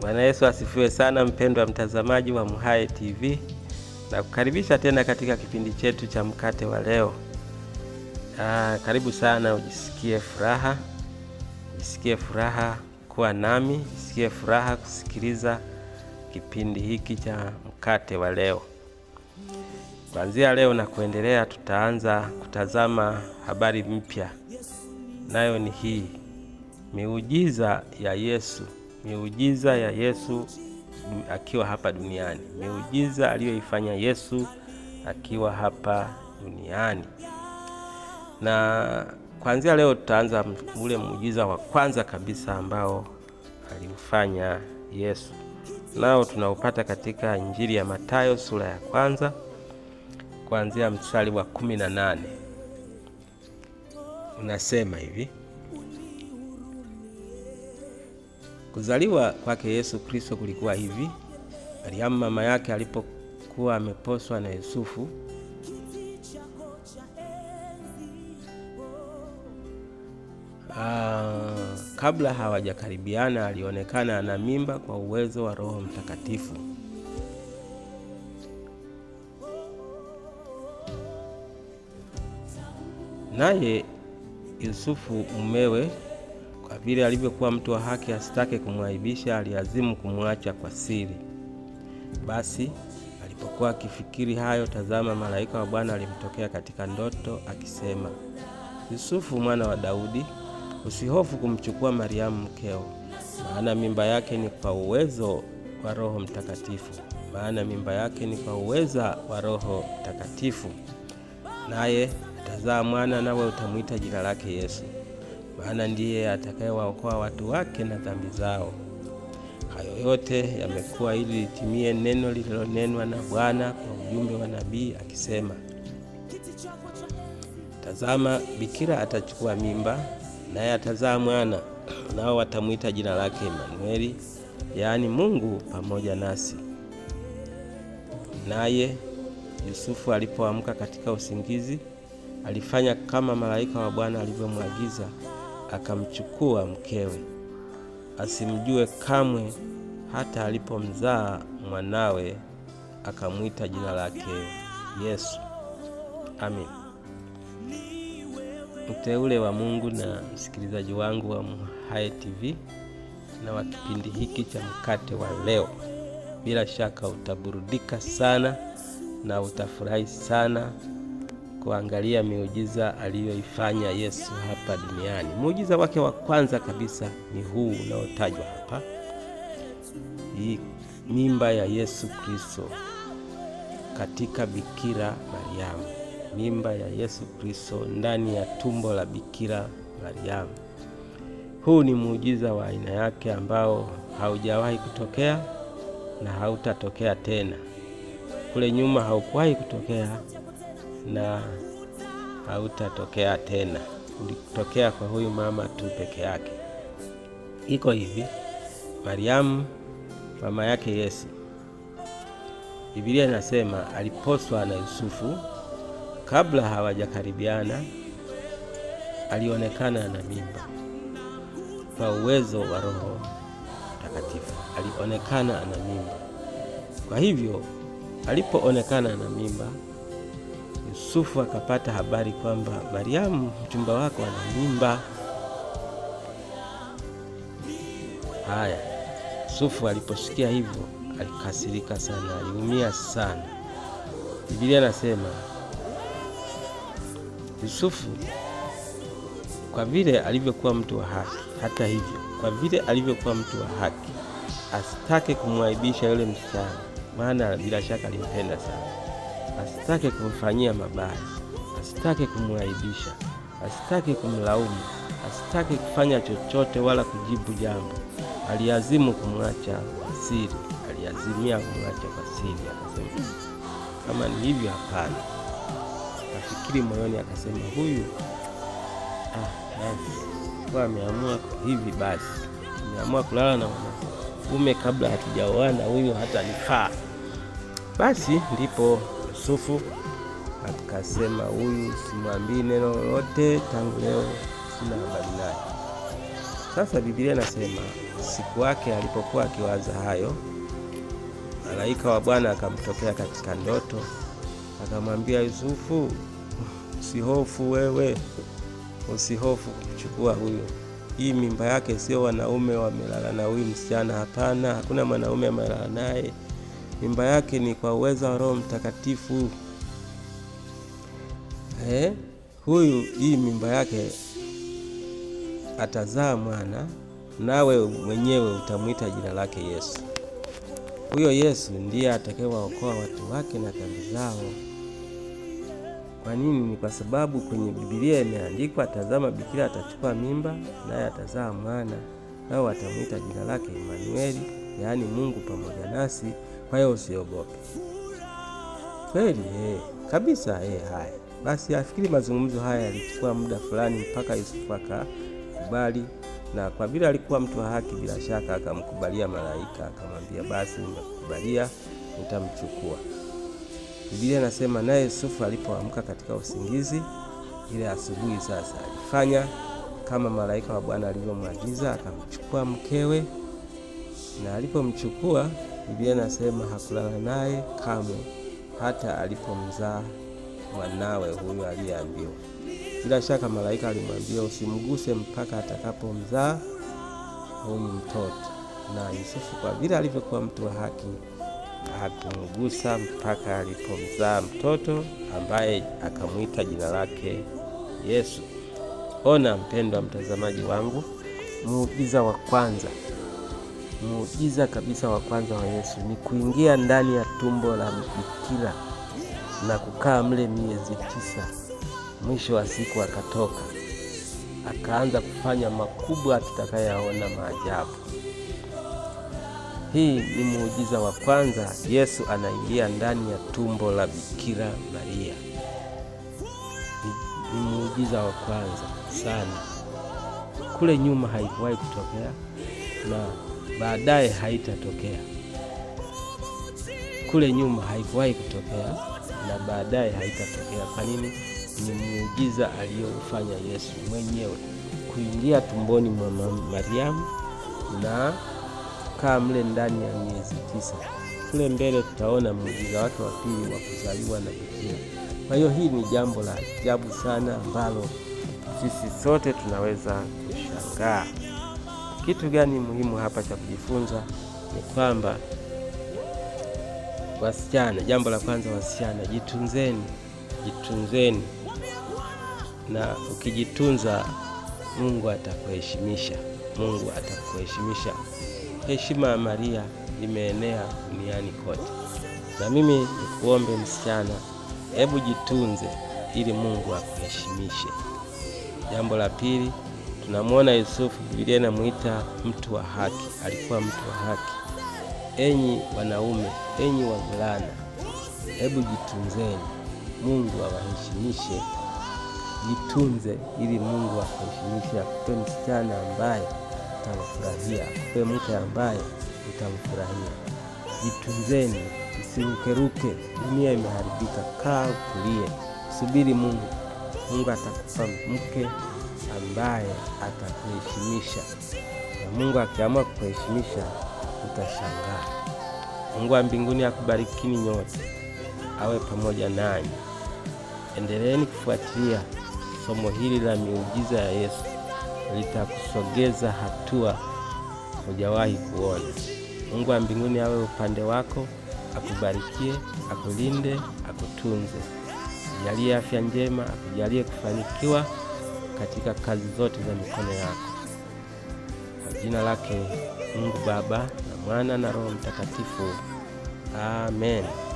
Bwana Yesu asifiwe sana, mpendwa mtazamaji wa MHAE TV, na kukaribisha tena katika kipindi chetu cha mkate wa leo. Aa, ah, karibu sana, ujisikie furaha, jisikie furaha kuwa nami, jisikie furaha kusikiliza kipindi hiki cha mkate wa leo. Kuanzia leo na kuendelea, tutaanza kutazama habari mpya, nayo ni hii miujiza ya Yesu miujiza ya Yesu akiwa hapa duniani, miujiza aliyoifanya Yesu akiwa hapa duniani. Na kuanzia leo tutaanza ule muujiza wa kwanza kabisa ambao aliufanya Yesu, nao tunaupata katika Injili ya Mathayo sura ya kwanza kuanzia mstari wa kumi na nane unasema hivi: Kuzaliwa kwake Yesu Kristo kulikuwa hivi: Mariamu mama yake alipokuwa ameposwa na Yusufu, aa, ah, kabla hawajakaribiana alionekana ana mimba kwa uwezo wa Roho Mtakatifu. Naye Yusufu mumewe kwa vile alivyokuwa mtu wa haki asitake kumwaibisha, aliazimu kumwacha kwa siri. Basi alipokuwa akifikiri hayo, tazama, malaika wa Bwana alimtokea katika ndoto akisema, Yusufu mwana wa Daudi, usihofu kumchukua Mariamu mkeo, maana mimba yake ni kwa uwezo wa Roho Mtakatifu, maana mimba yake ni kwa uweza wa Roho Mtakatifu, naye atazaa mwana, nawe utamwita jina lake Yesu maana ndiye atakayewaokoa watu wake na dhambi zao. Hayo yote yamekuwa ili litimie neno lililonenwa na Bwana kwa ujumbe wa nabii akisema, tazama, bikira atachukua mimba, naye atazaa mwana, nao watamwita jina lake Emanueli, yaani Mungu pamoja nasi. Naye Yusufu alipoamka katika usingizi, alifanya kama malaika wa Bwana alivyomwagiza akamchukua mkewe, asimjue kamwe, hata alipomzaa mwanawe akamwita jina lake Yesu. Amin. Mteule wa Mungu na msikilizaji wangu wa MHAE TV na wa kipindi hiki cha mkate wa leo, bila shaka utaburudika sana na utafurahi sana kuangalia miujiza aliyoifanya Yesu hapa duniani. Muujiza wake wa kwanza kabisa ni huu unaotajwa hapa, hii mimba ya Yesu Kristo katika Bikira Mariamu, mimba ya Yesu Kristo ndani ya tumbo la Bikira Mariamu. Huu ni muujiza wa aina yake ambao haujawahi kutokea na hautatokea tena. Kule nyuma haukuwahi kutokea na hautatokea tena, ulitokea kwa huyu mama tu peke yake. Iko hivi, Mariamu mama yake Yesu, Biblia inasema aliposwa na Yusufu, kabla hawajakaribiana alionekana na mimba kwa uwezo wa Roho Mtakatifu. Alionekana na mimba, kwa hivyo alipoonekana na mimba Yusufu akapata habari kwamba Mariamu mchumba wako ana mimba. Haya, Yusufu aliposikia hivyo alikasirika sana, aliumia sana. Biblia nasema Yusufu kwa vile alivyokuwa mtu wa haki, hata hivyo, kwa vile alivyokuwa mtu wa haki asitake kumwaibisha yule msichana, maana bila shaka alimpenda sana asitake kumfanyia mabaya, asitake kumwaibisha, asitake kumlaumu, asitake kufanya chochote wala kujibu jambo. Aliazimu kumwacha kwa siri, aliazimia kumwacha kwa siri. Akasema kama ni hivyo, hapana. Afikiri moyoni, akasema huyu, ah, basi ameamua hivi, basi ameamua kulala na mwanaume kabla hatujaoana, huyu hata nifaa. Basi ndipo Yusufu akasema huyu simwambii neno lolote, tangu leo sina habari naye. Sasa Biblia inasema siku yake alipokuwa akiwaza hayo, malaika wa Bwana akamtokea katika ndoto, akamwambia Yusufu, usihofu wewe, usihofu kuchukua huyo. Hii mimba yake sio wanaume wamelala na huyu msichana, hapana, hakuna mwanaume amelala naye mimba yake ni kwa uwezo wa Roho Mtakatifu. Eh, huyu hii mimba yake atazaa mwana, nawe mwenyewe utamwita jina lake Yesu. Huyo Yesu ndiye atakayewaokoa watu wake na dhambi zao. Kwa nini? Ni kwa sababu kwenye Biblia imeandikwa, tazama, bikira atachukua mimba, naye atazaa mwana, nao watamwita jina lake Emanueli, yaani Mungu pamoja nasi. Kwa hiyo usiogope kweli eh, kabisa eh. Haya basi, afikiri mazungumzo haya yalichukua muda fulani mpaka Yusufu akakubali, na kwa vile alikuwa mtu wa haki, bila shaka akamkubalia malaika, akamwambia basi, nimekubalia nitamchukua. Biblia inasema naye Yusufu alipoamka katika usingizi ile asubuhi, sasa alifanya kama malaika wa Bwana alivyomwagiza, akamchukua mkewe, na alipomchukua Biblia nasema hakulala naye kamwe, hata alipomzaa mwanawe huyo aliyeambiwa. Bila shaka malaika alimwambia usimguse mpaka atakapomzaa huyu mtoto, na Yusufu kwa vile alivyokuwa mtu wa haki hakumgusa mpaka alipomzaa mtoto ambaye akamwita jina lake Yesu. Ona mpendwa mtazamaji wangu, muujiza wa kwanza muujiza kabisa wa kwanza wa Yesu ni kuingia ndani ya tumbo la bikira na kukaa mle miezi tisa. Mwisho wa siku akatoka akaanza kufanya makubwa tutakayaona maajabu. Hii ni muujiza wa kwanza, Yesu anaingia ndani ya tumbo la Bikira Maria. Ni muujiza wa kwanza sana, kule nyuma haikuwahi kutokea na baadaye haitatokea. Kule nyuma haikuwahi kutokea na baadaye haitatokea. Kwa nini? Ni muujiza aliyofanya Yesu mwenyewe kuingia tumboni mwa Mariamu na kaa mle ndani ya miezi tisa. Kule mbele tutaona muujiza wake wa pili wa kuzaliwa na bikira. Kwa hiyo hii ni jambo la ajabu sana ambalo sisi sote tunaweza kushangaa. Kitu gani muhimu hapa cha kujifunza ni kwamba wasichana, jambo la kwanza, wasichana jitunzeni, jitunzeni, na ukijitunza Mungu atakuheshimisha, Mungu atakuheshimisha. Heshima ya Maria imeenea duniani kote, na mimi nikuombe msichana, hebu jitunze ili Mungu akuheshimishe. Jambo la pili tunamwona Yusufu, Biblia inamwita mtu wa haki, alikuwa mtu wa haki. Enyi wanaume, enyi wavulana, hebu jitunzeni, Mungu awaheshimishe. Jitunze ili Mungu akuheshimishe, akupe msichana ambaye utamfurahia, akupe mke ambaye utamfurahia. Jitunzeni, usirukeruke. Dunia imeharibika, kaa utulie, subiri Mungu. Mungu atakupa mke ambaye atakuheshimisha, na Mungu akiamua kukuheshimisha utashangaa. Mungu wa mbinguni akubarikini nyote, awe pamoja nanyi. Endeleeni kufuatilia somo hili la miujiza ya Yesu, litakusogeza hatua hujawahi kuona. Mungu wa mbinguni awe upande wako, akubarikie, akulinde, akutunze, akujalie afya njema, akujalie kufanikiwa katika kazi zote za mikono yako. Kwa jina lake Mungu Baba na Mwana na Roho Mtakatifu, amen.